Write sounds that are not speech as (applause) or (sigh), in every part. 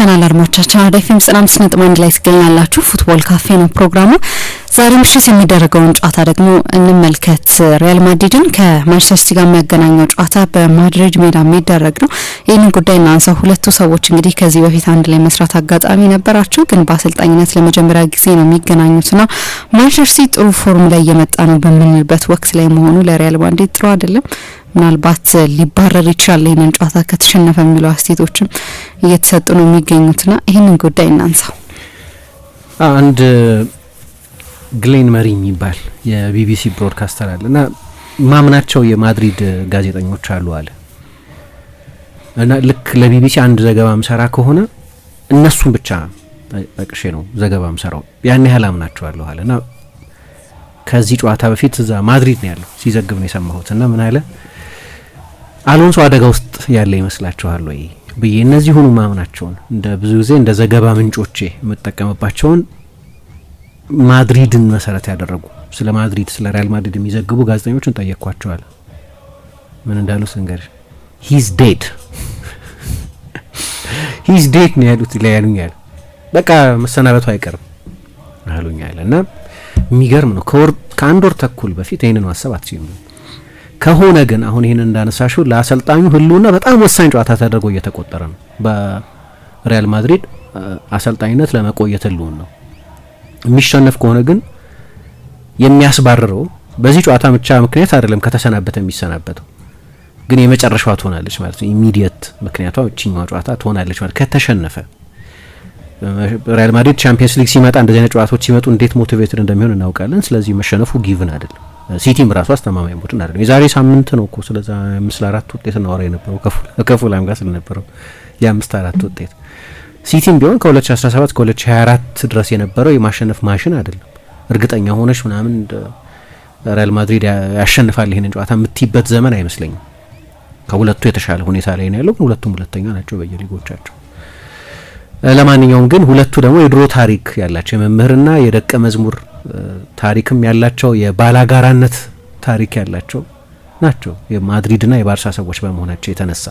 ተመልሰናል። አድማጮቻችን አራዳ ኤፍኤም ዘጠና አምስት ነጥብ አንድ ላይ ትገኛላችሁ። ፉትቦል ካፌ ነው ፕሮግራሙ። ዛሬ ምሽት የሚደረገውን ጨዋታ ደግሞ እንመልከት። ሪያል ማድሪድን ከማንቸስተር ሲቲ ጋር የሚያገናኘው ጨዋታ በማድሪድ ሜዳ የሚደረግ ነው። ይህንን ጉዳይ እናንሳ። ሁለቱ ሰዎች እንግዲህ ከዚህ በፊት አንድ ላይ መስራት አጋጣሚ ነበራቸው፣ ግን በአሰልጣኝነት ለመጀመሪያ ጊዜ ነው የሚገናኙትና ማንቸስተር ሲቲ ጥሩ ፎርም ላይ እየመጣ ነው በምንልበት ወቅት ላይ መሆኑ ለሪያል ማድሪድ ጥሩ አይደለም። ምናልባት ሊባረር ይችላል ይህንን ጨዋታ ከተሸነፈ የሚሉ አስቴቶችም እየተሰጡ ነው የሚገኙትና ይህንን ጉዳይ እናንሳው። አንድ ግሌን መሪ የሚባል የቢቢሲ ብሮድካስተር አለ እና ማምናቸው የማድሪድ ጋዜጠኞች አሉ አለ እና ልክ ለቢቢሲ አንድ ዘገባ ምሰራ ከሆነ እነሱም ብቻ ጠቅሼ ነው ዘገባ ምሰራው ያን ያህል አምናቸዋለሁ አለ እና ከዚህ ጨዋታ በፊት እዛ ማድሪድ ነው ያለው ሲዘግብ ነው የሰማሁት እና ምን አለ አሎንሶ አደጋ ውስጥ ያለ ይመስላችኋል ወይ ብዬ እነዚህ ሁኑ ማምናቸውን እንደ ብዙ ጊዜ እንደ ዘገባ ምንጮቼ የምጠቀምባቸውን ማድሪድን መሰረት ያደረጉ ስለ ማድሪድ ስለ ሪያል ማድሪድ የሚዘግቡ ጋዜጠኞችን ጠየቅኳቸዋል። ምን እንዳሉ ስንገር ሂዝ ዴድ ሂዝ ዴድ ነው ያሉት ያሉኛል። በቃ መሰናበቱ አይቀርም አሉኛል። እና የሚገርም ነው ከአንድ ወር ተኩል በፊት ይህንን ማሰብ አትችልም ከሆነ ግን አሁን ይህን እንዳነሳሹ ለአሰልጣኙ ህልውና በጣም ወሳኝ ጨዋታ ተደርጎ እየተቆጠረ ነው። በሪያል ማድሪድ አሰልጣኝነት ለመቆየት ህልውን ነው የሚሸነፍ ከሆነ ግን የሚያስባርረው በዚህ ጨዋታ ብቻ ምክንያት አይደለም። ከተሰናበተ የሚሰናበተው ግን የመጨረሻዋ ትሆናለች ማለት ነው። ኢሚዲየት ምክንያቷ እችኛዋ ጨዋታ ትሆናለች ማለት ከተሸነፈ ሪያል ማድሪድ ቻምፒየንስ ሊግ ሲመጣ እንደዚህ አይነት ጨዋታዎች ሲመጡ እንዴት ሞቲቬትድ እንደሚሆን እናውቃለን። ስለዚህ መሸነፉ ጊቭን አይደለም። ሲቲም ራሱ አስተማማኝ ቡድን አይደለም። የዛሬ ሳምንት ነው እኮ ስለዚ አምስት ለአራት ውጤት እናወራ የነበረው ከፉላም ጋር ስለነበረው የአምስት አራት ውጤት ሲቲም ቢሆን ከ2017 ከ2024 ድረስ የነበረው የማሸነፍ ማሽን አይደለም። እርግጠኛ ሆነች ምናምን ሪያል ማድሪድ ያሸንፋል ይህንን ጨዋታ የምትይበት ዘመን አይመስለኝም። ከሁለቱ የተሻለ ሁኔታ ላይ ነው ያለው፣ ግን ሁለቱም ሁለተኛ ናቸው በየሊጎቻቸው። ለማንኛውም ግን ሁለቱ ደግሞ የድሮ ታሪክ ያላቸው የመምህርና የደቀ መዝሙር ታሪክም ያላቸው የባላጋራነት ታሪክ ያላቸው ናቸው። የማድሪድና የባርሳ ሰዎች በመሆናቸው የተነሳ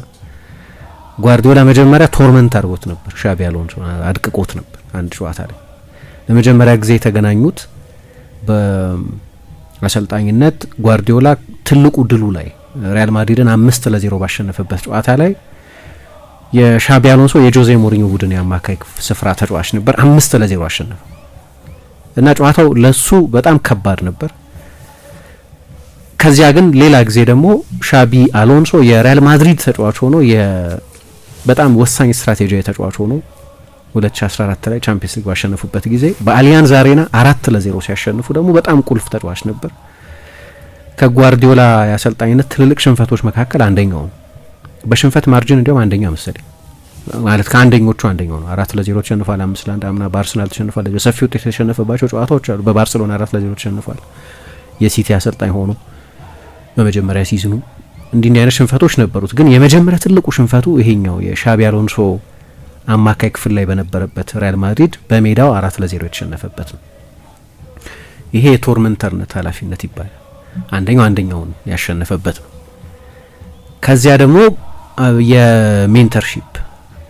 ጓርዲዮላ መጀመሪያ ቶርመንት አድርጎት ነበር፣ ሻቢ አሎንሶ አድቅቆት ነበር። አንድ ጨዋታ ላይ ለመጀመሪያ ጊዜ የተገናኙት በአሰልጣኝነት ጓርዲዮላ ትልቁ ድሉ ላይ ሪያል ማድሪድን አምስት ለዜሮ ባሸነፈበት ጨዋታ ላይ የሻቢ አሎንሶ የጆዜ ሞሪኞ ቡድን የአማካይ ስፍራ ተጫዋች ነበር። አምስት ለዜሮ አሸነፈ እና ጨዋታው ለሱ በጣም ከባድ ነበር። ከዚያ ግን ሌላ ጊዜ ደግሞ ሻቢ አሎንሶ የሪያል ማድሪድ ተጫዋች ሆኖ በጣም ወሳኝ ስትራቴጂያዊ ተጫዋች ሆኖ 2014 ላይ ቻምፒየንስ ሊግ ባሸነፉበት ጊዜ በአሊያንዝ አሬና አራት ለዜሮ ሲያሸንፉ ደግሞ በጣም ቁልፍ ተጫዋች ነበር። ከጓርዲዮላ የአሰልጣኝነት ትልልቅ ሽንፈቶች መካከል አንደኛው ነው። በሽንፈት ማርጅን እንዲሁም አንደኛ መሰለኝ ማለት ከአንደኞቹ አንደኛው ነው። አራት ለዜሮ ተሸንፏል። አምስት ለአንድ አምና በአርሰናል ተሸንፏል። በሰፊ ውጤት የተሸነፈባቸው ጨዋታዎች አሉ። በባርሰሎና አራት ለዜሮ ተሸንፏል። የሲቲ አሰልጣኝ ሆኖ በመጀመሪያ ሲዝኑ እንዲህ እንዲህ አይነት ሽንፈቶች ነበሩት። ግን የመጀመሪያ ትልቁ ሽንፈቱ ይሄኛው የሻቢ አሎንሶ አማካይ ክፍል ላይ በነበረበት ሪያል ማድሪድ በሜዳው አራት ለዜሮ የተሸነፈበት ነው። ይሄ የቶርመንተርነት ኃላፊነት ይባላል። አንደኛው አንደኛውን ያሸነፈበት ነው። ከዚያ ደግሞ የሜንተርሺፕ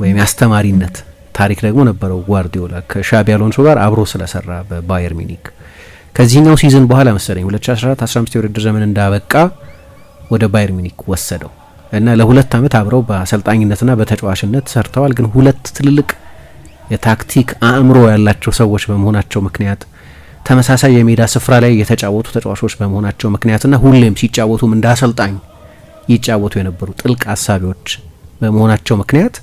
ወይም የአስተማሪነት ታሪክ ደግሞ ነበረው ጓርዲዮላ ከሻቢ አሎንሶ ጋር አብሮ ስለሰራ በባየር ሚኒክ ከዚህኛው ሲዝን በኋላ መሰለኝ 2014 15 የውድድር ዘመን እንዳበቃ ወደ ባየር ሚኒክ ወሰደው እና ለሁለት ዓመት አብረው በአሰልጣኝነትና በተጫዋችነት ሰርተዋል። ግን ሁለት ትልልቅ የታክቲክ አእምሮ ያላቸው ሰዎች በመሆናቸው ምክንያት ተመሳሳይ የሜዳ ስፍራ ላይ የተጫወቱ ተጫዋቾች በመሆናቸው ምክንያትና ሁሌም ሲጫወቱም እንደ አሰልጣኝ ይጫወቱ የነበሩ ጥልቅ አሳቢዎች በመሆናቸው ምክንያት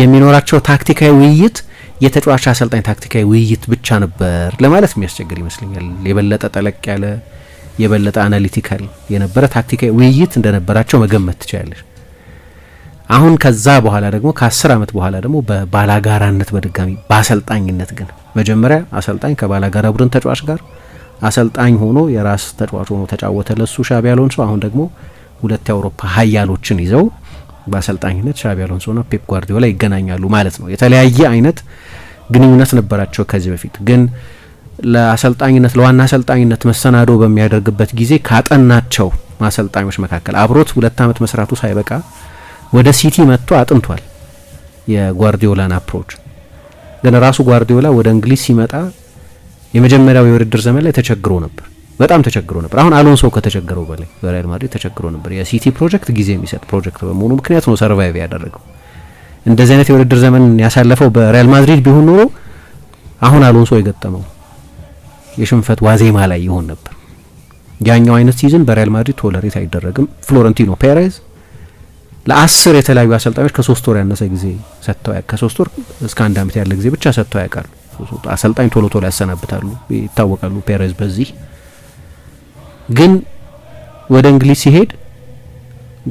የሚኖራቸው ታክቲካዊ ውይይት የተጫዋች አሰልጣኝ ታክቲካዊ ውይይት ብቻ ነበር ለማለት የሚያስቸግር ይመስለኛል። የበለጠ ጠለቅ ያለ የበለጠ አናሊቲካል የነበረ ታክቲካዊ ውይይት እንደነበራቸው መገመት ትችላለች። አሁን ከዛ በኋላ ደግሞ ከአስር ዓመት በኋላ ደግሞ በባላጋራነት በድጋሚ በአሰልጣኝነት ግን መጀመሪያ አሰልጣኝ ከባላጋራ ቡድን ተጫዋች ጋር አሰልጣኝ ሆኖ የራስ ተጫዋች ሆኖ ተጫወተ። ለሱ ሻቢ ሰው አሁን ደግሞ ሁለት የአውሮፓ ሀያሎችን ይዘው በአሰልጣኝነት ሻቢ አሎንሶና ፔፕ ጓርዲዮላ ይገናኛሉ ማለት ነው። የተለያየ አይነት ግንኙነት ነበራቸው ከዚህ በፊት ግን ለአሰልጣኝነት ለዋና አሰልጣኝነት መሰናዶ በሚያደርግበት ጊዜ ካጠናቸው አሰልጣኞች መካከል አብሮት ሁለት ዓመት መስራቱ ሳይበቃ ወደ ሲቲ መጥቶ አጥንቷል የጓርዲዮላን አፕሮች። ግን ራሱ ጓርዲዮላ ወደ እንግሊዝ ሲመጣ የመጀመሪያው የውድድር ዘመን ላይ ተቸግሮ ነበር። በጣም ተቸግሮ ነበር። አሁን አሎንሶ ከተቸገረው በላይ በሪያል ማድሪድ ተቸግሮ ነበር። የሲቲ ፕሮጀክት ጊዜ የሚሰጥ ፕሮጀክት በመሆኑ ምክንያት ነው ሰርቫይቭ ያደረገው። እንደዚህ አይነት የውድድር ዘመን ያሳለፈው በሪያል ማድሪድ ቢሆን ኖሮ አሁን አሎንሶ የገጠመው የሽንፈት ዋዜማ ላይ ይሆን ነበር። ያኛው አይነት ሲዝን በሪያል ማድሪድ ቶለሬት አይደረግም። ፍሎረንቲኖ ፔሬዝ ለአስር የተለያዩ አሰልጣኞች ከሶስት ወር ያነሰ ጊዜ ሰጥተው ከሶስት ወር እስከ አንድ አመት ያለ ጊዜ ብቻ ሰጥተው ያውቃሉ። አሰልጣኝ ቶሎ ቶሎ ያሰናብታሉ፣ ይታወቃሉ። ፔሬዝ በዚህ ግን ወደ እንግሊዝ ሲሄድ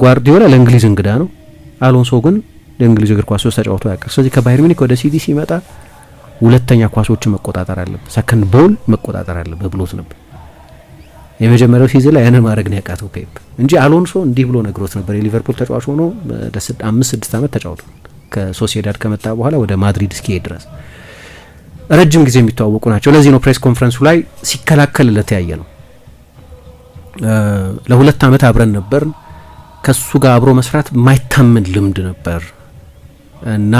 ጓርዲዮላ ለእንግሊዝ እንግዳ ነው። አሎንሶ ግን ለእንግሊዝ እግር ኳስ ውስጥ ተጫውቶ ያውቃል። ስለዚህ ከባየር ሚኒክ ወደ ሲቲ ሲመጣ ሁለተኛ ኳሶችን መቆጣጠር አለበት፣ ሰከንድ ቦል መቆጣጠር አለበት ብሎት ነበር። የመጀመሪያው ሲዝን ላይ ያንን ማድረግ ነው ያቃተው ፔፕ እንጂ አሎንሶ እንዲህ ብሎ ነግሮት ነበር። የሊቨርፑል ተጫዋች ሆኖ አምስት ስድስት ዓመት ተጫውቷል። ከሶሲዳድ ከመጣ በኋላ ወደ ማድሪድ እስኪሄድ ድረስ ረጅም ጊዜ የሚተዋወቁ ናቸው። ለዚህ ነው ፕሬስ ኮንፈረንሱ ላይ ሲከላከልለት ያየ ነው። ለሁለት ዓመት አብረን ነበር። ከሱ ጋር አብሮ መስራት የማይታመን ልምድ ነበር እና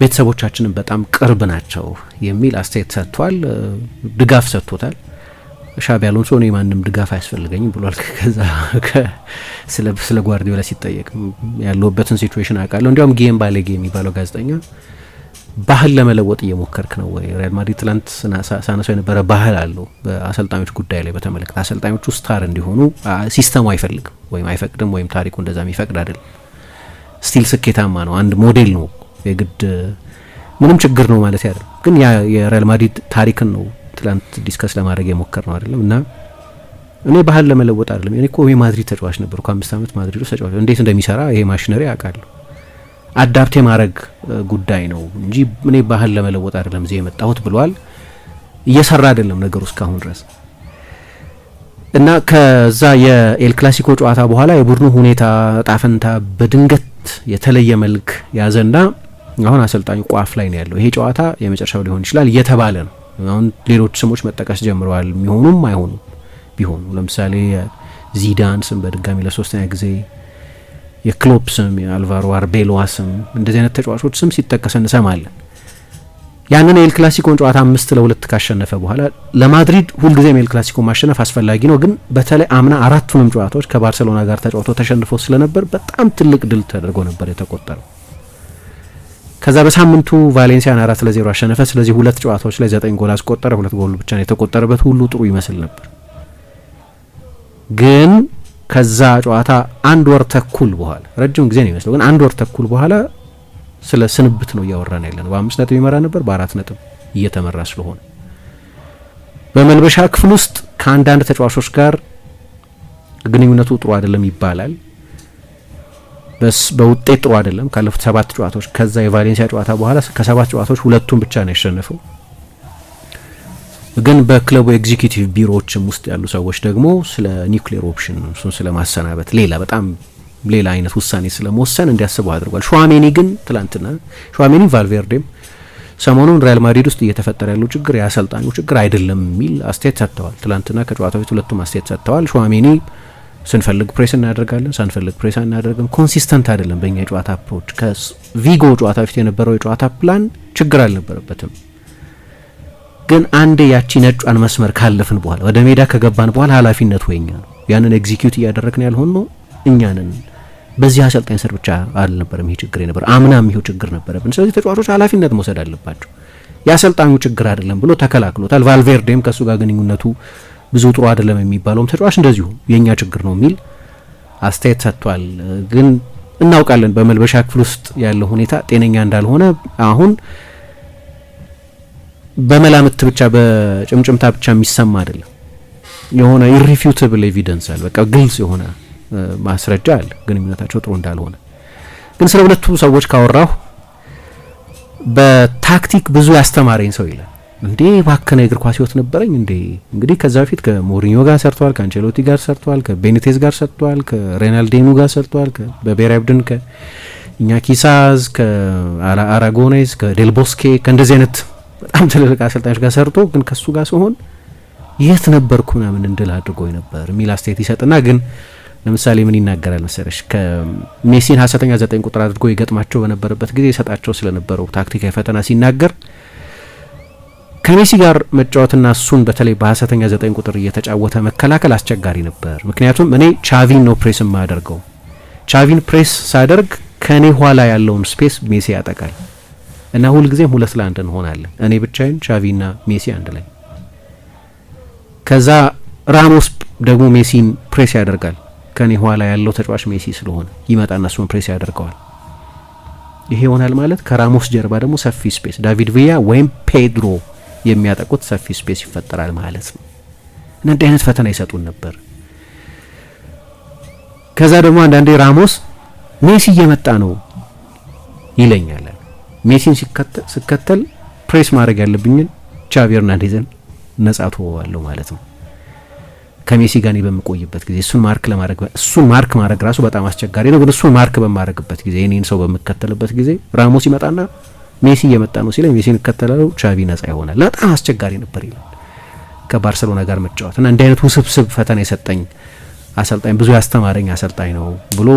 ቤተሰቦቻችንም በጣም ቅርብ ናቸው የሚል አስተያየት ሰጥቷል። ድጋፍ ሰጥቶታል። ሻቢ አሎንሶ እኔ ማንም ድጋፍ አያስፈልገኝም ብሏል። (laughs) ከዛ ስለ ጓርዲዮላ ሲጠየቅ ያለሁበትን ሲትዌሽን አውቃለሁ። እንዲያውም ጌም ባለጌ የሚባለው ጋዜጠኛ ባህል ለመለወጥ እየሞከርክ ነው ወይ? ሪያል ማድሪድ ትላንት ሳነሳው የነበረ ባህል አለው በአሰልጣኞች ጉዳይ ላይ በተመለከተ አሰልጣኞቹ ስታር እንዲሆኑ ሲስተሙ አይፈልግም ወይም አይፈቅድም ወይም ታሪኩ እንደዛ የሚፈቅድ አይደለም። ስቲል ስኬታማ ነው፣ አንድ ሞዴል ነው። የግድ ምንም ችግር ነው ማለት አይደለም፣ ግን ያ የሪያል ማድሪድ ታሪክን ነው ትላንት ዲስከስ ለማድረግ የሞከር ነው አይደለም እና እኔ ባህል ለመለወጥ አይደለም። እኔ እኮ የማድሪድ ተጫዋች ነበርኩ፣ ከአምስት ዓመት ማድሪድ ውስጥ ተጫዋች እንዴት እንደሚሰራ ይሄ ማሽነሪ አውቃለሁ። አዳፕት የማድረግ ጉዳይ ነው እንጂ እኔ ባህል ለመለወጥ አይደለም እዚህ የመጣሁት ብሏል። እየሰራ አይደለም ነገሩ እስካሁን ድረስ እና ከዛ የኤል ክላሲኮ ጨዋታ በኋላ የቡድኑ ሁኔታ ጣፈንታ በድንገት የተለየ መልክ ያዘና አሁን አሰልጣኙ ቋፍ ላይ ነው ያለው። ይሄ ጨዋታ የመጨረሻው ሊሆን ይችላል እየተባለ ነው። አሁን ሌሎች ስሞች መጠቀስ ጀምረዋል። የሚሆኑም አይሆኑም ቢሆኑ ለምሳሌ ዚዳን ስም በድጋሚ ለሶስተኛ ጊዜ የክሎፕ ስም የአልቫሮ አርቤሎዋ ስም እንደዚህ አይነት ተጫዋቾች ስም ሲጠቀስ እንሰማለን። ያንን የኤል ክላሲኮን ጨዋታ አምስት ለሁለት ካሸነፈ በኋላ ለማድሪድ ሁልጊዜም ኤል ክላሲኮ ማሸነፍ አስፈላጊ ነው፣ ግን በተለይ አምና አራቱንም ጨዋታዎች ከባርሴሎና ጋር ተጫውቶ ተሸንፎ ስለነበር በጣም ትልቅ ድል ተደርጎ ነበር የተቆጠረው። ከዛ በሳምንቱ ቫሌንሲያን አራት ለዜሮ አሸነፈ። ስለዚህ ሁለት ጨዋታዎች ላይ ዘጠኝ ጎል አስቆጠረ። ሁለት ጎል ብቻ ነው የተቆጠረበት። ሁሉ ጥሩ ይመስል ነበር ግን ከዛ ጨዋታ አንድ ወር ተኩል በኋላ ረጅም ጊዜ ነው ይመስለው፣ ግን አንድ ወር ተኩል በኋላ ስለ ስንብት ነው እያወራን ያለ ነው። በአምስት ነጥብ ይመራ ነበር፣ በአራት ነጥብ እየተመራ ስለሆነ በመልበሻ ክፍል ውስጥ ከአንዳንድ ተጫዋቾች ጋር ግንኙነቱ ጥሩ አይደለም ይባላል። በውጤት ጥሩ አይደለም። ካለፉት ሰባት ጨዋታዎች ከዛ የቫሌንሲያ ጨዋታ በኋላ ከሰባት ጨዋታዎች ሁለቱን ብቻ ነው ያሸነፈው። ግን በክለቡ ኤግዚኪቲቭ ቢሮዎችም ውስጥ ያሉ ሰዎች ደግሞ ስለ ኒውክሌር ኦፕሽን እሱን ስለ ማሰናበት ሌላ በጣም ሌላ አይነት ውሳኔ ስለ መወሰን እንዲያስቡ አድርጓል። ሸዋሜኒ ግን ትላንትና ሸዋሜኒ ቫልቬርዴም ሰሞኑን ሪያል ማድሪድ ውስጥ እየተፈጠረ ያለው ችግር የአሰልጣኙ ችግር አይደለም የሚል አስተያየት ሰጥተዋል። ትላንትና ከጨዋታ በፊት ሁለቱም አስተያየት ሰጥተዋል። ሸዋሜኒ ስንፈልግ ፕሬስ እናደርጋለን፣ ሳንፈልግ ፕሬስ አናደርግም፣ ኮንሲስተንት አይደለም በእኛ የጨዋታ አፕሮች። ከቪጎ ጨዋታ ፊት የነበረው የጨዋታ ፕላን ችግር አልነበረበትም ግን አንዴ ያቺ ነጯን መስመር ካለፍን በኋላ ወደ ሜዳ ከገባን በኋላ ኃላፊነቱ የኛ ነው። ያንን ኤግዚኪዩት እያደረግን ነው እኛንን በዚህ አሰልጣኝ ስር ብቻ አልነበረም ይሄ ችግር የነበረ አምናም ይሄው ችግር ነበረብን። ስለዚህ ተጫዋቾች ኃላፊነት መውሰድ አለባቸው። የአሰልጣኙ ችግር አይደለም ብሎ ተከላክሎታል። ቫልቬርዴም ከእሱ ጋር ግንኙነቱ ብዙ ጥሩ አይደለም የሚባለውም ተጫዋች እንደዚሁ የእኛ ችግር ነው የሚል አስተያየት ሰጥቷል። ግን እናውቃለን በመልበሻ ክፍል ውስጥ ያለው ሁኔታ ጤነኛ እንዳልሆነ አሁን በመላምት ብቻ በጭምጭምታ ብቻ የሚሰማ አይደለም። የሆነ ኢሪፊዩታብል ኤቪደንስ አለ። በቃ ግልጽ የሆነ ማስረጃ አለ ግንኙነታቸው ጥሩ እንዳልሆነ። ግን ስለ ሁለቱ ሰዎች ካወራሁ በታክቲክ ብዙ ያስተማረኝ ሰው ይላል እንዴ ባከነ እግር ኳስ ህይወት ነበረኝ እንዴ እንግዲህ ከዛ በፊት ከሞሪኞ ጋር ሰርቷል ከአንቸሎቲ ጋር ሰርቷል ከቤኒቴዝ ጋር ሰርቷል ከሬናልዴኑ ጋር ሰርቷል በብሔራዊ ቡድን ከኢኛኪ ሳዝ፣ ከአራጎኔስ፣ ከዴልቦስኬ ከእንደዚህ አይነት በጣም ትልልቅ አሰልጣኞች ጋር ሰርቶ ግን ከሱ ጋር ሲሆን የት ነበርኩ ምናምን እንድል አድርጎ ነበር የሚል አስተያየት ይሰጥና ግን ለምሳሌ ምን ይናገራል መሰለሽ ከሜሲን ሀሰተኛ ዘጠኝ ቁጥር አድርጎ ይገጥማቸው በነበረበት ጊዜ ይሰጣቸው ስለነበረው ታክቲካዊ ፈተና ሲናገር ከሜሲ ጋር መጫወትና እሱን በተለይ በሀሰተኛ ዘጠኝ ቁጥር እየተጫወተ መከላከል አስቸጋሪ ነበር። ምክንያቱም እኔ ቻቪን ነው ፕሬስ የማያደርገው። ቻቪን ፕሬስ ሳደርግ ከእኔ ኋላ ያለውን ስፔስ ሜሲ ያጠቃል። እና ሁልጊዜም ሁለት ለአንድ እንሆናለን። እኔ ብቻዬን ሻቪና ሜሲ አንድ ላይ። ከዛ ራሞስ ደግሞ ሜሲን ፕሬስ ያደርጋል። ከኔ ኋላ ያለው ተጫዋች ሜሲ ስለሆነ ይመጣና እሱን ፕሬስ ያደርገዋል። ይሄ ይሆናል ማለት ከራሞስ ጀርባ ደግሞ ሰፊ ስፔስ ዳቪድ ቪያ ወይም ፔድሮ የሚያጠቁት ሰፊ ስፔስ ይፈጠራል ማለት ነው። እና እንዲህ አይነት ፈተና ይሰጡን ነበር። ከዛ ደግሞ አንዳንዴ ራሞስ ሜሲ እየመጣ ነው ይለኛል ሜሲን ስከተል ፕሬስ ማድረግ ያለብኝን ቻቪ ኤርናንዴዝን ነጻ ትወዋለሁ ማለት ነው። ከሜሲ ጋር በምቆይበት ጊዜ እሱን ማርክ ለማድረግ እሱን ማርክ ማድረግ ራሱ በጣም አስቸጋሪ ነው። ግን እሱን ማርክ በማድረግበት ጊዜ እኔን ሰው በምከተልበት ጊዜ ራሞስ ይመጣና ሜሲ እየመጣ ነው ሲለኝ ሜሲን እከተላለው፣ ቻቪ ነጻ ይሆናል። በጣም አስቸጋሪ ነበር ይላል ከባርሰሎና ጋር መጫወት እና እንዲህ አይነት ውስብስብ ፈተና የሰጠኝ አሰልጣኝ ብዙ ያስተማረኝ አሰልጣኝ ነው ብሎ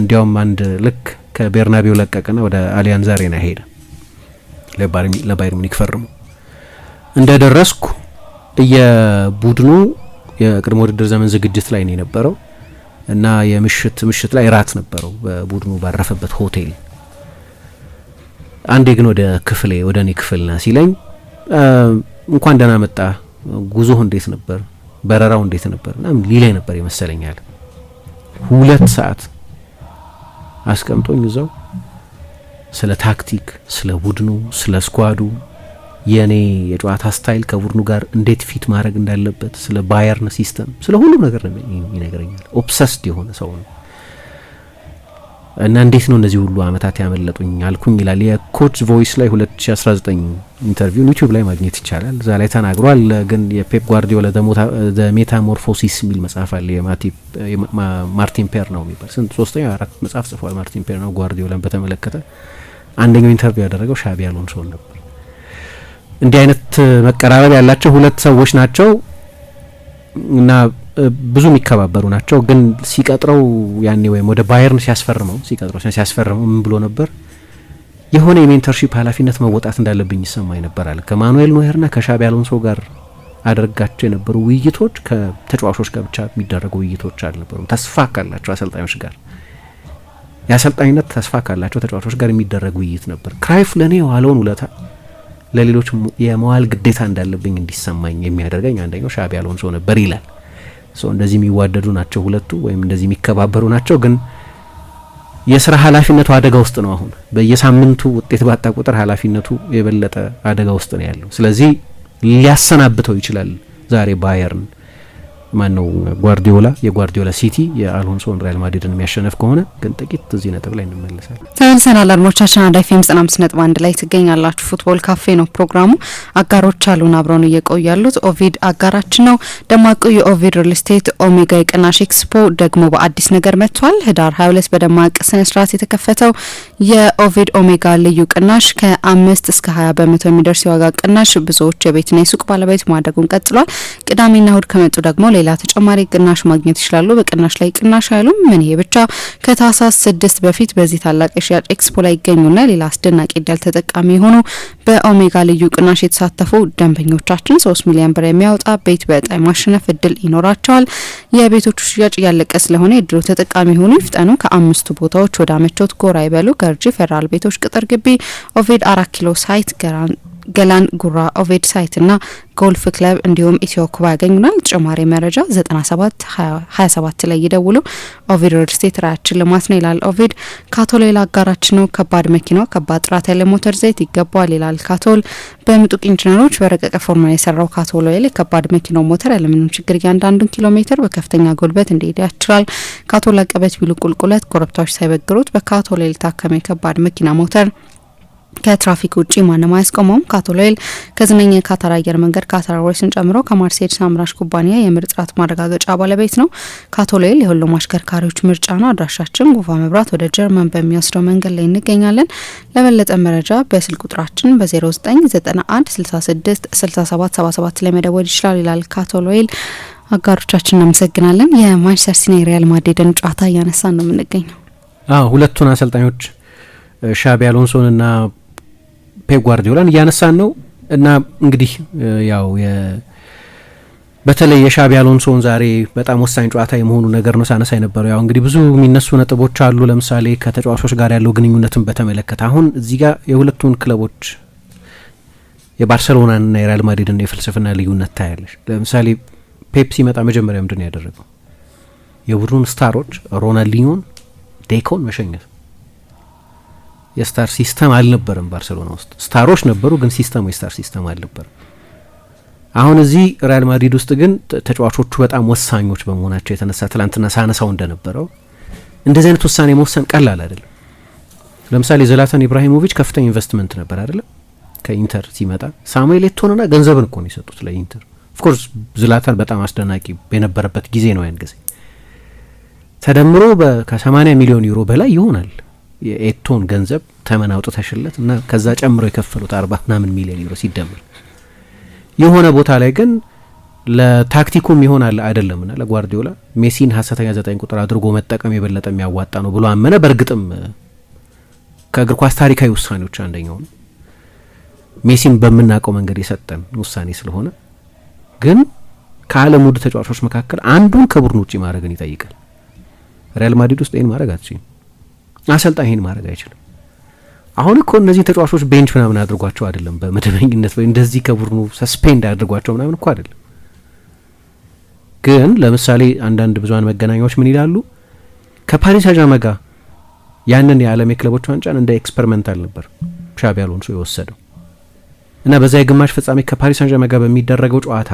እንዲያውም አንድ ልክ ከቤርናቢው ለቀቅና ወደ አሊያንዝ አሬና ሄደ። ለባየር ሙኒክ ፈርሙ። እንደደረስኩ የቡድኑ የቅድመ ውድድር ዘመን ዝግጅት ላይ ነው የነበረው እና የምሽት ምሽት ላይ ራት ነበረው በቡድኑ ባረፈበት ሆቴል። አንዴ ግን ወደ ክፍሌ ወደ እኔ ክፍል ና ሲለኝ እንኳን ደህና መጣ፣ ጉዞህ እንዴት ነበር፣ በረራው እንዴት ነበር ምናምን ሊላይ ነበር ይመስለኛል። ሁለት ሰዓት አስቀምጦኝ እዛው ስለ ታክቲክ፣ ስለ ቡድኑ፣ ስለ ስኳዱ የእኔ የጨዋታ ስታይል ከቡድኑ ጋር እንዴት ፊት ማድረግ እንዳለበት፣ ስለ ባየርን ሲስተም፣ ስለ ሁሉም ነገር ይነግረኛል። ኦብሰስድ የሆነ ሰው ነው። እና እንዴት ነው እነዚህ ሁሉ አመታት ያመለጡኝ አልኩኝ ይላል የኮች ቮይስ ላይ 2019 ኢንተርቪው ዩቲዩብ ላይ ማግኘት ይቻላል። እዛ ላይ ተናግሯል። ግን የፔፕ ጓርዲዮላ ሜታሞርፎሲስ የሚል መጽሐፍ አለ። ማርቲን ፔር ነው የሚባል ስንት ሶስተኛ አራት መጽሐፍ ጽፏል። ማርቲን ፔር ነው ጓርዲዮላን በተመለከተ አንደኛው ኢንተርቪው ያደረገው ሻቢ አሎንሶን ነበር። እንዲህ አይነት መቀራረብ ያላቸው ሁለት ሰዎች ናቸው እና ብዙ የሚከባበሩ ናቸው። ግን ሲቀጥረው ያኔ ወይም ወደ ባየርን ሲያስፈርመው ሲቀጥረው ሲያስፈርመው ምን ብሎ ነበር? የሆነ የሜንተርሺፕ ኃላፊነት መወጣት እንዳለብኝ ይሰማኝ ነበራል። ከማኑኤል ኖሄርና ከሻቢ አሎንሶ ጋር አደርጋቸው የነበሩ ውይይቶች ከተጫዋቾች ጋር ብቻ የሚደረጉ ውይይቶች አልነበሩም። ተስፋ ካላቸው አሰልጣኞች ጋር የአሰልጣኝነት ተስፋ ካላቸው ተጫዋቾች ጋር የሚደረግ ውይይት ነበር። ክራይፍ ለእኔ የዋለውን ውለታ ለሌሎች የመዋል ግዴታ እንዳለብኝ እንዲሰማኝ የሚያደርገኝ አንደኛው ሻቢ አሎንሶ ነበር ይላል። እንደዚህ የሚዋደዱ ናቸው ሁለቱ ወይም እንደዚህ የሚከባበሩ ናቸው። ግን የስራ ኃላፊነቱ አደጋ ውስጥ ነው። አሁን በየሳምንቱ ውጤት ባጣ ቁጥር ኃላፊነቱ የበለጠ አደጋ ውስጥ ነው ያለው። ስለዚህ ሊያሰናብተው ይችላል ዛሬ ባየርን ማን ነው ጓርዲዮላ የጓርዲዮላ ሲቲ የአሎንሶን ሪያል ማድሪድን የሚያሸነፍ ከሆነ ግን ጥቂት እዚህ ነጥብ ላይ እንመለሳለን። ተመልሰናል። አድማጮቻችን አራዳ ኤፍ ኤም ዘጠና አምስት ነጥብ አንድ ላይ ትገኛላችሁ። ፉትቦል ካፌ ነው ፕሮግራሙ። አጋሮች አሉን፣ አብረውን እየቆዩ ያሉት ኦቪድ አጋራችን ነው። ደማቁ የኦቪድ ሪል ስቴት ኦሜጋ የቅናሽ ኤክስፖ ደግሞ በአዲስ ነገር መጥቷል። ህዳር ሀያ ሁለት በደማቅ ስነ ስርዓት የተከፈተው የኦቪድ ኦሜጋ ልዩ ቅናሽ ከአምስት እስከ ሀያ በመቶ የሚደርስ የዋጋ ቅናሽ ብዙዎች የቤትና የሱቅ ባለቤት ማድረጉን ቀጥሏል። ቅዳሜና እሁድ ከመጡ ደግሞ ሌላ ተጨማሪ ቅናሽ ማግኘት ይችላሉ። በቅናሽ ላይ ቅናሽ አይሉም። ምን ይሄ ብቻ ከታህሳስ ስድስት በፊት በዚህ ታላቅ የሽያጭ ኤክስፖ ላይ ይገኙና ሌላ አስደናቂ ዕድል ተጠቃሚ የሆኑ በኦሜጋ ልዩ ቅናሽ የተሳተፉ ደንበኞቻችን ሶስት ሚሊዮን ብር የሚያወጣ ቤት በዕጣ የማሸነፍ እድል ይኖራቸዋል። የቤቶቹ ሽያጭ እያለቀ ስለሆነ የድሎ ተጠቃሚ ሆኑ፣ ይፍጠኑ። ከአምስቱ ቦታዎች ወደ አመቾት ጎራ ይበሉ። ገርጂ ፌዴራል ቤቶች ቅጥር ግቢ ኦቪድ አራት ኪሎ ሳይት ገራን ገላን ጉራ ኦቬድ ሳይት ሳይትና ጎልፍ ክለብ እንዲሁም ኢትዮ ኩባ ያገኙናል። ተጨማሪ መረጃ 97 27 ላይ ይደውሉ። ኦቪድ ሪል ስቴት ራያችን ልማት ነው ይላል ኦቪድ። ካቶል ሌላ አጋራችን ነው። ከባድ መኪናው ከባድ ጥራት ያለ ሞተር ዘይት ይገባዋል ይላል ካቶል። በምጡቅ ኢንጂነሮች በረቀቀ ፎርማ የሰራው ካቶል ኦይል የከባድ መኪናው ሞተር ያለምንም ችግር እያንዳንዱን ኪሎ ሜትር በከፍተኛ ጉልበት እንዲሄድ ያስችላል። ካቶል አቀበት ቢሉ ቁልቁለት ኮረብታዎች ሳይበግሩት በካቶል ኦይል ታከመ የከባድ መኪና ሞተር ከትራፊክ ውጪ ማንም አያስቆመውም። ካቶሎይል ከዝነኝ የካታር አየር መንገድ ካታር ኤርዌይስን ጨምሮ ከማርሴድስ አምራች ኩባንያ የምርት ጥራት ማረጋገጫ ባለቤት ነው። ካቶሎይል የሁሉም አሽከርካሪዎች ምርጫ ነው። አድራሻችን ጉፋ መብራት ወደ ጀርመን በሚወስደው መንገድ ላይ እንገኛለን። ለበለጠ መረጃ በስልክ ቁጥራችን በ0991666777 ላይ መደወል ይችላል ይላል ካቶሎይል። አጋሮቻችን እናመሰግናለን። የማንቸስተር ሲና የሪያል ማድሪድን ጨዋታ እያነሳን ነው የምንገኘው። ሁለቱን አሰልጣኞች ሻቢ አሎንሶንና ፔፕ ጓርዲዮላን እያነሳን ነው እና እንግዲህ ያው በተለይ የሻቢ አሎንሶን ዛሬ በጣም ወሳኝ ጨዋታ የመሆኑ ነገር ነው ሳነሳ የነበረው። ያው እንግዲህ ብዙ የሚነሱ ነጥቦች አሉ። ለምሳሌ ከተጫዋቾች ጋር ያለው ግንኙነትን በተመለከተ አሁን እዚህ ጋር የሁለቱን ክለቦች የባርሰሎናንና የሪያል ማድሪድን የፍልስፍና ልዩነት ታያለች። ለምሳሌ ፔፕ ሲመጣ መጀመሪያ ምንድን ነው ያደረገው? የቡድኑን ስታሮች ሮናልዲኞን፣ ዴኮን መሸኘት የስታር ሲስተም አልነበረም። ባርሴሎና ውስጥ ስታሮች ነበሩ፣ ግን ሲስተሙ የስታር ሲስተም አልነበረም። አሁን እዚህ ሪያል ማድሪድ ውስጥ ግን ተጫዋቾቹ በጣም ወሳኞች በመሆናቸው የተነሳ ትላንትና ሳነሳው እንደነበረው እንደዚህ አይነት ውሳኔ መወሰን ቀላል አይደለም። ለምሳሌ ዘላታን ኢብራሂሞቪች ከፍተኛ ኢንቨስትመንት ነበር አይደለም ከኢንተር ሲመጣ ሳሙኤል ኤቶንና ገንዘብን እኮ ነው የሰጡት ለኢንተር። ኦፍኮርስ ዝላታን በጣም አስደናቂ የነበረበት ጊዜ ነው ያን ጊዜ ተደምሮ ከ80 ሚሊዮን ዩሮ በላይ ይሆናል የኤቶን ገንዘብ ተመን አውጥተሽለት እና ከዛ ጨምሮ የከፈሉት አርባ ምናምን ሚሊዮን ዩሮ ሲደመር የሆነ ቦታ ላይ ግን ለታክቲኩም ይሆናል አይደለምና ለጓርዲዮላ ሜሲን ሀሰተኛ ዘጠኝ ቁጥር አድርጎ መጠቀም የበለጠ የሚያዋጣ ነው ብሎ አመነ። በእርግጥም ከእግር ኳስ ታሪካዊ ውሳኔዎች አንደኛው ነው። ሜሲን በምናውቀው መንገድ የሰጠን ውሳኔ ስለሆነ ግን ከዓለም ውድ ተጫዋቾች መካከል አንዱን ከቡድን ውጭ ማድረግን ይጠይቃል። ሪያል ማድሪድ ውስጥ ይህን ማድረግ አትችልም። አሰልጣኝ ይሄን ማድረግ አይችልም። አሁን እኮ እነዚህ ተጫዋቾች ቤንች ምናምን አድርጓቸው አይደለም በመደበኝነት ወይ እንደዚህ ከቡድኑ ሰስፔንድ አድርጓቸው ምናምን እኮ አይደለም። ግን ለምሳሌ አንዳንድ ብዙሀን መገናኛዎች ምን ይላሉ ከፓሪስ አጃማ ጋር ያንን የዓለም የክለቦች ዋንጫን እንደ ኤክስፐሪመንታል ነበር ሻቢ አሎንሶ የወሰደው እና በዛ የግማሽ ፍጻሜ ከፓሪስ አንዣማ ጋር በሚደረገው ጨዋታ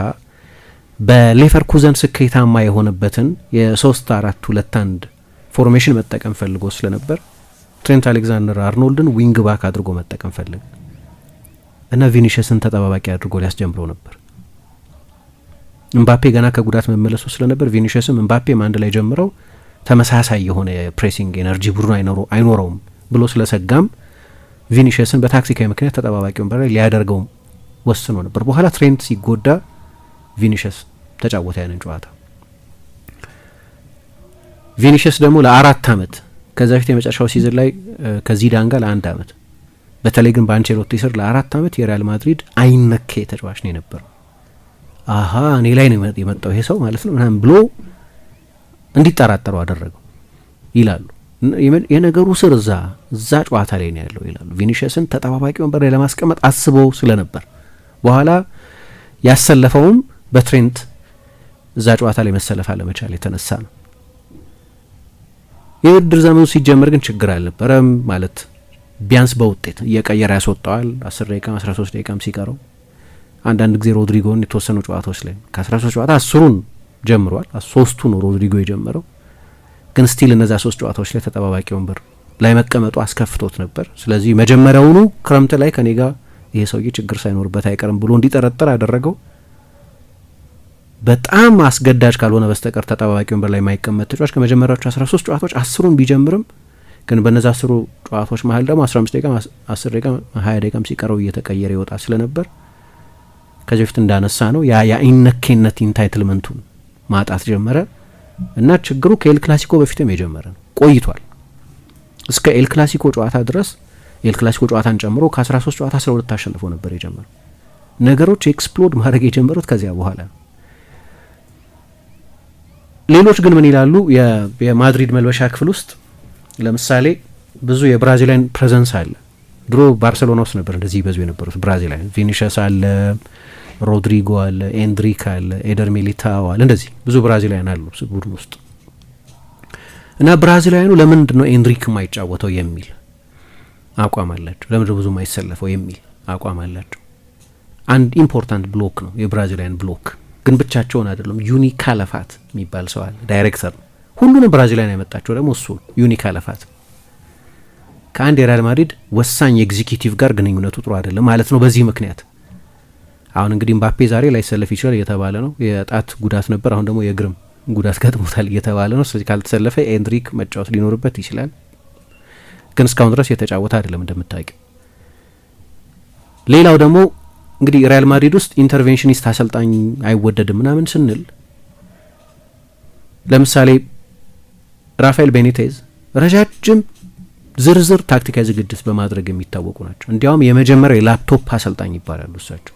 በሌቨርኩዘን ስኬታማ የሆነበትን የሶስት አራት ሁለት አንድ ፎርሜሽን መጠቀም ፈልጎ ስለነበር ትሬንት አሌክዛንደር አርኖልድን ዊንግ ባክ አድርጎ መጠቀም ፈልግ እና ቪኒሽስን ተጠባባቂ አድርጎ ሊያስጀምሮ ነበር። እምባፔ ገና ከጉዳት መመለሱ ስለነበር ቪኒሽስም እምባፔም አንድ ላይ ጀምረው ተመሳሳይ የሆነ የፕሬሲንግ ኤነርጂ ቡድን አይኖረውም ብሎ ስለሰጋም ቪኒሽስን በታክቲካዊ ምክንያት ተጠባባቂ ወንበር ላይ ሊያደርገውም ወስኖ ነበር። በኋላ ትሬንት ሲጎዳ ቪኒሽስ ተጫወተ ያንን ጨዋታ። ቪኒሽስ ደግሞ ለአራት አመት ከዛ ፊት የመጨረሻው ሲዝን ላይ ከዚዳን ጋር ለአንድ አመት በተለይ ግን በአንቸሎቲ ስር ለአራት አመት የሪያል ማድሪድ አይነኬ ተጫዋች ነው የነበረው። አሀ እኔ ላይ ነው የመጣው ይሄ ሰው ማለት ነው ምናምን ብሎ እንዲጠራጠሩ አደረገው ይላሉ። የነገሩ ስር እዛ እዛ ጨዋታ ላይ ነው ያለው ይላሉ። ቪኒሽስን ተጠባባቂ ወንበር ላይ ለማስቀመጥ አስበው ስለነበር በኋላ ያሰለፈውም በትሬንት እዛ ጨዋታ ላይ መሰለፍ አለመቻል የተነሳ ነው። የውድድር ዘመኑ ሲጀመር ግን ችግር አልነበረም ማለት ቢያንስ በውጤት እየቀየረ ያስወጣዋል። አስር ደቂቃ አስራ ሶስት ደቂቃም ሲቀረው አንዳንድ ጊዜ ሮድሪጎን የተወሰኑ ጨዋታዎች ላይ ከአስራ ሶስት ጨዋታ አስሩን ጀምሯል። ሶስቱ ነው ሮድሪጎ የጀመረው። ግን ስቲል እነዛ ሶስት ጨዋታዎች ላይ ተጠባባቂ ወንበር ላይ መቀመጡ አስከፍቶት ነበር። ስለዚህ መጀመሪያውኑ ክረምት ላይ ከኔ ጋር ይሄ ሰውዬ ችግር ሳይኖርበት አይቀርም ብሎ እንዲጠረጠር አደረገው። በጣም አስገዳጅ ካልሆነ በስተቀር ተጠባባቂ ወንበር ላይ የማይቀመጥ ተጫዋች ከመጀመሪያዎቹ 13 ጨዋታዎች አስሩን ቢጀምርም ግን በነዚ አስሩ ጨዋታዎች መሀል ደግሞ 15 ደቂቃ 10 ደቂቃ 20 ደቂቃም ሲቀረው እየተቀየረ ይወጣ ስለነበር ከዚህ በፊት እንዳነሳ ነው ያ የአይነኬነት ኢንታይትልመንቱን ማጣት ጀመረ እና ችግሩ ከኤል ክላሲኮ በፊትም የጀመረ ነው ቆይቷል። እስከ ኤል ክላሲኮ ጨዋታ ድረስ ኤል ክላሲኮ ጨዋታን ጨምሮ ከ13 ጨዋታ 12 አሸንፎ ነበር የጀመረው። ነገሮች ኤክስፕሎድ ማድረግ የጀመሩት ከዚያ በኋላ ነው። ሌሎች ግን ምን ይላሉ? የማድሪድ መልበሻ ክፍል ውስጥ ለምሳሌ ብዙ የብራዚላያን ፕሬዘንስ አለ። ድሮ ባርሴሎና ውስጥ ነበር እንደዚህ ይበዙ የነበሩት ብራዚላያን። ቪኒሸስ አለ፣ ሮድሪጎ አለ፣ ኤንድሪክ አለ፣ ኤደር ሚሊታኦ አለ። እንደዚህ ብዙ ብራዚላያን አሉ ቡድን ውስጥ እና ብራዚላውያኑ ለምንድን ነው ኤንድሪክ የማይጫወተው የሚል አቋም አላቸው። ለምንድን ብዙ የማይሰለፈው የሚል አቋም አላቸው። አንድ ኢምፖርታንት ብሎክ ነው የብራዚላውያን ብሎክ ግን ብቻቸውን አይደሉም። ዩኒ ካለፋት የሚባል ሰው አለ፣ ዳይሬክተር ሁሉንም ብራዚላውያን ያመጣቸው ደግሞ እሱ ዩኒ ካለፋት ከአንድ የሪያል ማድሪድ ወሳኝ ኤግዚኪቲቭ ጋር ግንኙነቱ ጥሩ አይደለም ማለት ነው። በዚህ ምክንያት አሁን እንግዲህ ምባፔ ዛሬ ላይሰለፍ ይችላል እየተባለ ነው። የጣት ጉዳት ነበር፣ አሁን ደግሞ የእግርም ጉዳት ገጥሞታል እየተባለ ነው። ስለዚህ ካልተሰለፈ ኤንድሪክ መጫወት ሊኖርበት ይችላል። ግን እስካሁን ድረስ የተጫወተ አይደለም እንደምታውቂው። ሌላው ደግሞ እንግዲህ ሪያል ማድሪድ ውስጥ ኢንተርቬንሽኒስት አሰልጣኝ አይወደድም ምናምን ስንል ለምሳሌ ራፋኤል ቤኒቴዝ ረጃጅም ዝርዝር ታክቲካዊ ዝግጅት በማድረግ የሚታወቁ ናቸው። እንዲያውም የመጀመሪያው የላፕቶፕ አሰልጣኝ ይባላሉ እሳቸው።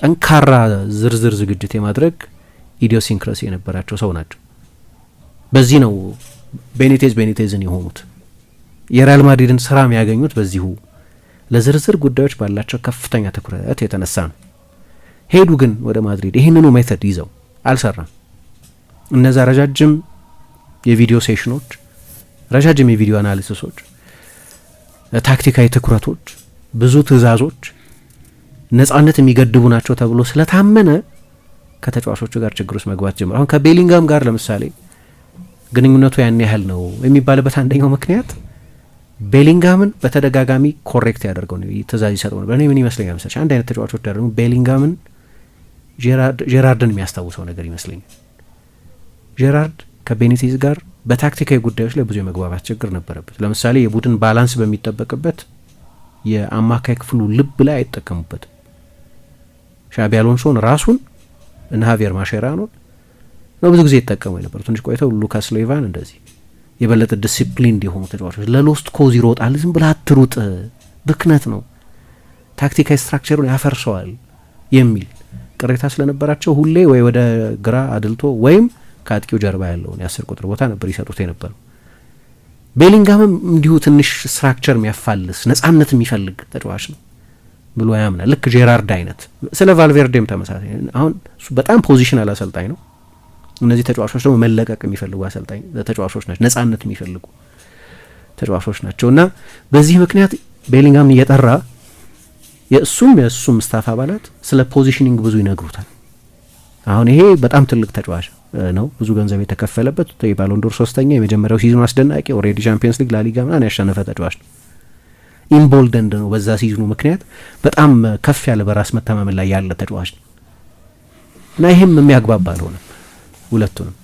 ጠንካራ ዝርዝር ዝግጅት የማድረግ ኢዲዮሲንክረሲ የነበራቸው ሰው ናቸው። በዚህ ነው ቤኒቴዝ ቤኒቴዝን የሆኑት። የሪያል ማድሪድን ስራም ያገኙት በዚሁ ለዝርዝር ጉዳዮች ባላቸው ከፍተኛ ትኩረት የተነሳ ነው። ሄዱ ግን ወደ ማድሪድ ይህንኑ ሜተድ ይዘው አልሰራም። እነዛ ረጃጅም የቪዲዮ ሴሽኖች፣ ረጃጅም የቪዲዮ አናሊሲሶች፣ ታክቲካዊ ትኩረቶች፣ ብዙ ትዕዛዞች ነጻነት የሚገድቡ ናቸው ተብሎ ስለታመነ ከተጫዋቾቹ ጋር ችግር ውስጥ መግባት ጀምር አሁን ከቤሊንጋም ጋር ለምሳሌ ግንኙነቱ ያን ያህል ነው የሚባልበት አንደኛው ምክንያት ቤሊንጋምን በተደጋጋሚ ኮሬክት ያደርገው ትእዛዝ ይሰጠው ነበር። እኔ ምን ይመስለኛል መሰለሽ አንድ አይነት ተጫዋቾች ደግሞ ቤሊንጋምን ጄራርድን የሚያስታውሰው ነገር ይመስለኛል። ጄራርድ ከቤኒቴዝ ጋር በታክቲካዊ ጉዳዮች ላይ ብዙ የመግባባት ችግር ነበረበት። ለምሳሌ የቡድን ባላንስ በሚጠበቅበት የአማካይ ክፍሉ ልብ ላይ አይጠቀሙበትም። ሻቢ አሎንሶን ራሱን እና ሀቪየር ነው ብዙ ጊዜ ይጠቀሙ የነበሩ። ትንሽ ቆይተው ሉካስ ሌቫን እንደዚህ የበለጠ ዲሲፕሊን የሆኑ ተጫዋቾች ለሎስት ኮዝ ይሮጣል። ዝም ብላ አትሩጥ፣ ብክነት ነው፣ ታክቲካዊ ስትራክቸሩን ያፈርሰዋል የሚል ቅሬታ ስለነበራቸው ሁሌ ወይ ወደ ግራ አድልቶ ወይም ከአጥቂው ጀርባ ያለውን የአስር ቁጥር ቦታ ነበር ይሰጡት የነበረው። ቤሊንጋምም እንዲሁ ትንሽ ስትራክቸር የሚያፋልስ ነጻነት የሚፈልግ ተጫዋች ነው ብሎ ያምናል። ልክ ጄራርድ አይነት ስለ ቫልቬርዴም ተመሳሳይ። አሁን በጣም ፖዚሽናል አሰልጣኝ ነው እነዚህ ተጫዋቾች ደግሞ መለቀቅ የሚፈልጉ አሰልጣኝ ተጫዋቾች ናቸው፣ ነጻነት የሚፈልጉ ተጫዋቾች ናቸው እና በዚህ ምክንያት ቤሊንጋም እየጠራ የእሱም የእሱም ስታፍ አባላት ስለ ፖዚሽኒንግ ብዙ ይነግሩታል። አሁን ይሄ በጣም ትልቅ ተጫዋች ነው፣ ብዙ ገንዘብ የተከፈለበት የባሎንዶር ሶስተኛ፣ የመጀመሪያው ሲዝኑ አስደናቂ፣ ኦልሬዲ ቻምፒየንስ ሊግ ላሊጋ ምናምን ያሸነፈ ተጫዋች ነው። ኢምቦልደንድ ነው በዛ ሲዝኑ ምክንያት በጣም ከፍ ያለ በራስ መተማመን ላይ ያለ ተጫዋች ነው እና ይህም የሚያግባባ አልሆነም። ሁለቱንም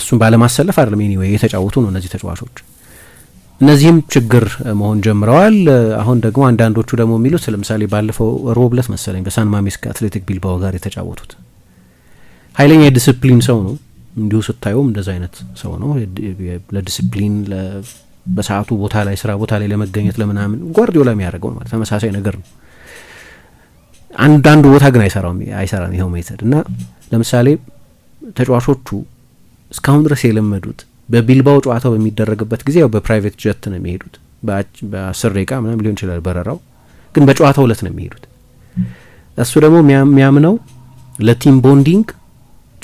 እሱን ባለማሰለፍ አይደለም ኤኒዌይ የተጫወቱ ነው እነዚህ ተጫዋቾች። እነዚህም ችግር መሆን ጀምረዋል። አሁን ደግሞ አንዳንዶቹ ደግሞ የሚሉት ለምሳሌ ባለፈው ሮብ ዕለት መሰለኝ በሳን ማሜስ ከአትሌቲክ ቢልባኦ ጋር የተጫወቱት ኃይለኛ የዲስፕሊን ሰው ነው። እንዲሁ ስታየውም እንደዚ አይነት ሰው ነው። ለዲስፕሊን በሰዓቱ ቦታ ላይ ስራ ቦታ ላይ ለመገኘት ለምናምን ጓርዲዮላ የሚያደርገው ማለት ተመሳሳይ ነገር ነው። አንዳንዱ ቦታ ግን አይሰራም አይሰራም ይኸው ሜተድ እና ለምሳሌ ተጫዋቾቹ እስካሁን ድረስ የለመዱት በቢልባው ጨዋታው በሚደረግበት ጊዜ ያው በፕራይቬት ጀት ነው የሚሄዱት በአስር ደቂቃ ምናም ሊሆን ይችላል በረራው ግን በጨዋታው እለት ነው የሚሄዱት እሱ ደግሞ የሚያምነው ለቲም ቦንዲንግ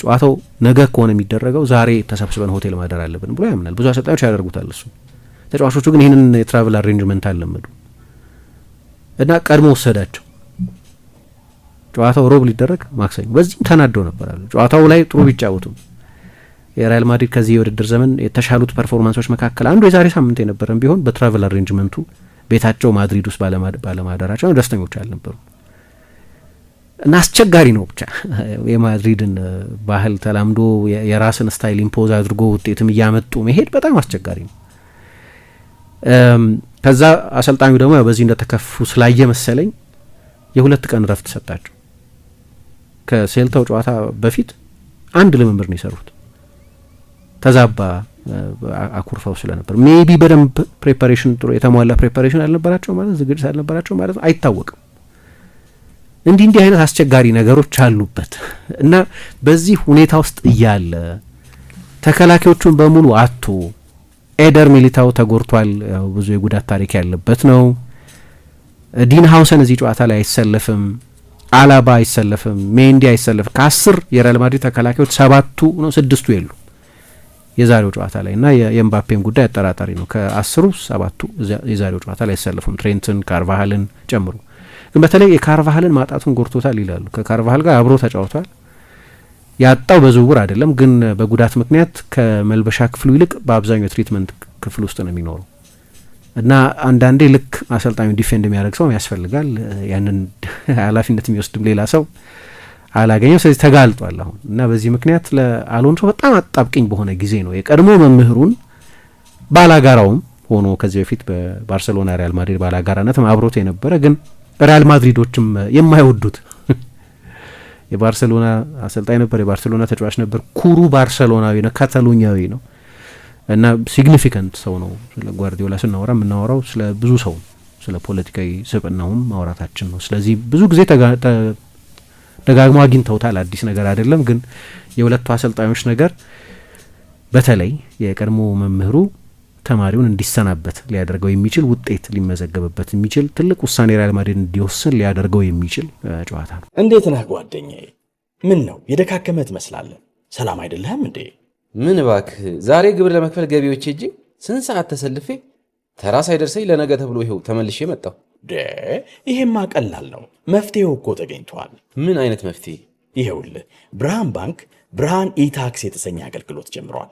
ጨዋታው ነገ ከሆነ የሚደረገው ዛሬ ተሰብስበን ሆቴል ማደር አለብን ብሎ ያምናል ብዙ አሰልጣኞች ያደርጉታል እሱ ተጫዋቾቹ ግን ይህንን የትራቨል አሬንጅመንት አልለመዱ እና ቀድሞ ወሰዳቸው ጨዋታው ሮብ ሊደረግ ማክሰኞ፣ በዚህም ተናደው ነበር አሉ። ጨዋታው ላይ ጥሩ ቢጫወቱም የሪያል ማድሪድ ከዚህ የውድድር ዘመን የተሻሉት ፐርፎርማንሶች መካከል አንዱ የዛሬ ሳምንት የነበረን ቢሆን በትራቨል አሬንጅመንቱ ቤታቸው ማድሪድ ውስጥ ባለማዳራቸው ደስተኞች አልነበሩ እና አስቸጋሪ ነው። ብቻ (laughs) የማድሪድን ባህል ተላምዶ የራስን ስታይል ኢምፖዝ አድርጎ ውጤትም እያመጡ መሄድ በጣም አስቸጋሪ ነው። ከዛ አሰልጣኙ ደግሞ በዚህ እንደተከፉ ስላየ መሰለኝ የሁለት ቀን እረፍት ሰጣቸው። ከሴልታው ጨዋታ በፊት አንድ ልምምድ ነው የሰሩት። ተዛባ አኩርፈው ስለነበር ሜቢ በደንብ ፕሬፓሬሽን ጥሩ የተሟላ ፕሬፓሬሽን አልነበራቸው ማለት ዝግጅት አልነበራቸው ማለት ነው፣ አይታወቅም። እንዲህ እንዲህ አይነት አስቸጋሪ ነገሮች አሉበት እና በዚህ ሁኔታ ውስጥ እያለ ተከላካዮቹን በሙሉ አቶ ኤደር ሚሊታው ያው ብዙ የጉዳት ታሪክ ያለበት ነው። ዲን ሀውሰን እዚህ ጨዋታ ላይ አይሰለፍም። አላባ አይሰለፍም፣ ሜንዲ አይሰለፍም። ከአስር የሪያል ማድሪድ ተከላካዮች ሰባቱ ነው ስድስቱ የሉ የዛሬው ጨዋታ ላይ እና የኤምባፔን ጉዳይ አጠራጣሪ ነው። ከአስሩ ሰባቱ የዛሬው ጨዋታ ላይ አይሰለፉም፣ ትሬንትን ካርቫሃልን ጨምሮ። ግን በተለይ የካርቫሃልን ማጣቱን ጎርቶታል ይላሉ። ከካርቫሃል ጋር አብሮ ተጫውቷል። ያጣው በዝውውር አይደለም፣ ግን በጉዳት ምክንያት ከመልበሻ ክፍሉ ይልቅ በአብዛኛው ትሪትመንት ክፍል ውስጥ ነው የሚኖረው። እና አንዳንዴ ልክ አሰልጣኙ ዲፌንድ የሚያደርግ ሰው ያስፈልጋል። ያንን ኃላፊነት የሚወስድም ሌላ ሰው አላገኘም። ስለዚህ ተጋልጧል አሁን እና በዚህ ምክንያት ለአሎንሶ በጣም አጣብቅኝ በሆነ ጊዜ ነው የቀድሞ መምህሩን ባላጋራውም ሆኖ ከዚህ በፊት በባርሴሎና ሪያል ማድሪድ ባላጋራነትም አብሮት የነበረ ግን ሪያል ማድሪዶችም የማይወዱት የባርሴሎና አሰልጣኝ ነበር፣ የባርሴሎና ተጫዋች ነበር። ኩሩ ባርሴሎናዊ ነው፣ ካታሎኛዊ ነው። እና ሲግኒፊካንት ሰው ነው። ስለ ጓርዲዮላ ስናወራ የምናወራው ስለ ብዙ ሰው ስለ ፖለቲካዊ ስብዕናውም ማውራታችን ነው። ስለዚህ ብዙ ጊዜ ደጋግሞ አግኝተውታል። አዲስ ነገር አይደለም። ግን የሁለቱ አሰልጣኞች ነገር በተለይ የቀድሞ መምህሩ ተማሪውን እንዲሰናበት ሊያደርገው የሚችል ውጤት ሊመዘገብበት የሚችል ትልቅ ውሳኔ ሪያል ማድሪድ እንዲወስን ሊያደርገው የሚችል ጨዋታ ነው። እንዴት ነህ ጓደኛዬ? ምን ነው የደካከመ ትመስላለህ። ሰላም አይደለህም እንዴ? ምን እባክህ ዛሬ ግብር ለመክፈል ገቢዎች ሄጄ ስንት ሰዓት ተሰልፌ ተራ ሳይደርሰኝ ለነገ ተብሎ ይሄው ተመልሼ መጣሁ። ይሄማ ቀላል ነው፣ መፍትሄው እኮ ተገኝቷል። ምን አይነት መፍትሄ? ይሄውልህ ብርሃን ባንክ ብርሃን ኢታክስ የተሰኘ አገልግሎት ጀምሯል።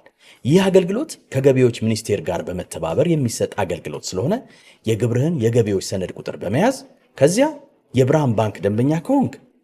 ይህ አገልግሎት ከገቢዎች ሚኒስቴር ጋር በመተባበር የሚሰጥ አገልግሎት ስለሆነ የግብርህን የገቢዎች ሰነድ ቁጥር በመያዝ ከዚያ የብርሃን ባንክ ደንበኛ ከሆንክ